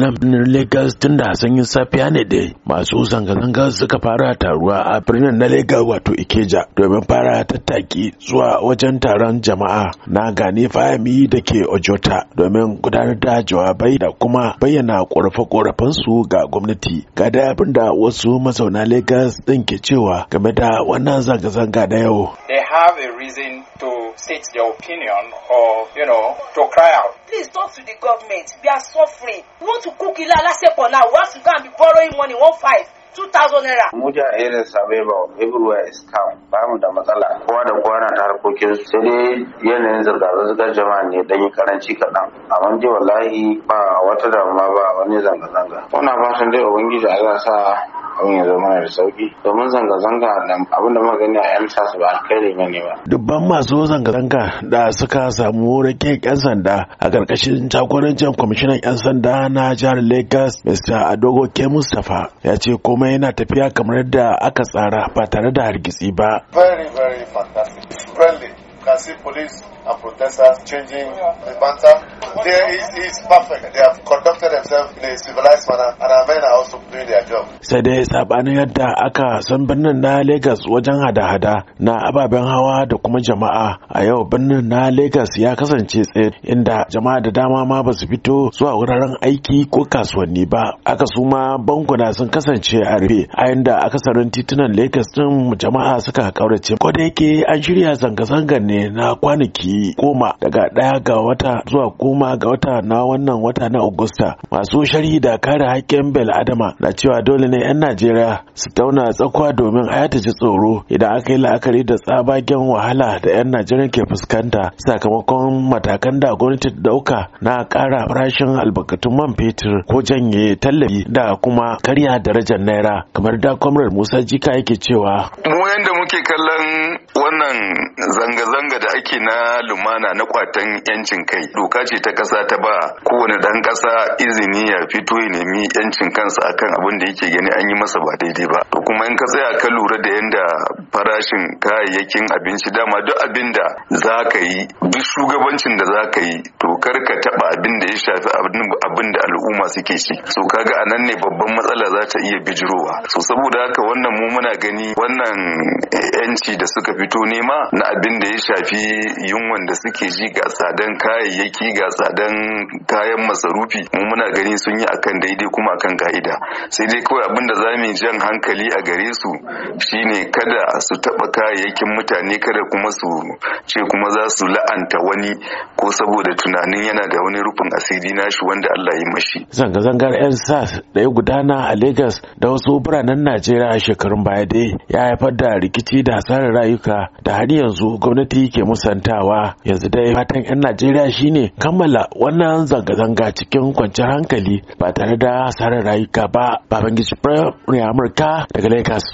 a birnin Lagos tun da sanyin safiya ne dai masu zanga-zanga suka fara taruwa a birnin na Lagos wato Ikeja domin fara tattaki zuwa wajen taron jama'a na gane Fahimi da ke Ojota domin gudanar da jawabai da kuma bayyana ƙorafe su ga gwamnati. Ga da abin da wasu mazauna Lagos din ke cewa game da wannan zanga-zanga na yau. Eh, have a reason to state their opinion or, you know, to cry out. Please talk to the government. We are suffering. We want to cook ila lasepo now. We have to go and be borrowing money, one five. 2000 naira. Mu irin Sabeba everywhere is calm ba mu da matsala kowa da kowa na ta harkokin su sai dai yanayin zirga-zirgar jama'a ne dan yi karanci kaɗan amma dai wallahi ba wata damuwa ba wani zanga-zanga. Muna fatan dai Ubangiji Allah sa abin ya zo mana da sauki domin zanga-zanga abinda muka gani a MSAS ba alkhairi ba ne ba. Dubban masu zanga-zanga da suka samu rake 'yan sanda a karkashin jagorancin kwamishinan 'yan sanda na jihar Lagos Mr. Adogo K. Mustapha ya ce komai yana tafiya kamar yadda aka tsara ba tare da hargitsi ba. Very very fantastic. Splendid. can see police and protesters changing the banter. There is, is perfect. They have conducted themselves in a civilized manner and our men are also sai dai sabanin yadda aka san birnin na Legas wajen hada-hada na ababen hawa da kuma jama'a a yau birnin na Legas ya kasance tsaye inda jama'a da dama ma ba su fito zuwa wuraren aiki ko kasuwanni ba aka suma bankuna sun kasance a rufe a inda akasarin titunan Legas din jama'a suka kaurace ko da yake an shirya zanga zanga ne na kwanaki goma daga ɗaya ga wata zuwa goma ga wata na wannan wata na Agusta masu shari da kare haƙƙin Bel Adama na cewa dole ne 'yan Najeriya su tauna tsakwa domin a ta ji tsoro idan aka yi la'akari da tsabagen wahala da 'yan Najeriya ke fuskanta sakamakon matakan da gwamnati ta dauka na ƙara farashin albarkatun man fetur ko janye tallafi da kuma karya darajar naira kamar da kwamrar Musa Jika yake cewa. Mu yanda muke kallon wannan zanga-zanga da ake na lumana na kwatan 'yancin kai doka ce ta ƙasa ta ba kowane ɗan ƙasa izini ya fito ya nemi 'yancin kansa akan abin da yake gani an yi masa ba daidai ba to kuma in ka tsaya ka lura da yadda farashin kayayyakin abinci dama duk abin da za ka yi duk shugabancin da za ka yi to kar ka taba abin da ya shafi abin da al'umma suke ci so kaga a nan ne babban matsala za ta iya bijirowa so saboda haka wannan mu muna gani wannan yanci da suka fito nema na abin da ya shafi yunwan da suke ji ga tsadan kayayyaki ga tsadan kayan masarufi mu muna gani sun yi akan daidai kuma akan ka'ida sai dai kawai abin da za mu jan hankali a gare su shine kada su taɓa kayayyakin mutane kada kuma su ce kuma za su la'anta wani ko saboda tunanin yana da wani rufin asiri nashi wanda Allah ya mashi. Zanga-zangar 'yan sas da ya gudana a Lagos da wasu biranen Najeriya a shekarun baya dai ya haifar da rikici da hasarar rayuka da har yanzu gwamnati ke musantawa yanzu dai fatan 'yan Najeriya shine kammala wannan zanga-zanga cikin kwanciyar hankali ba tare da hasarar rayuka ba. babangis prayer ni amerika kas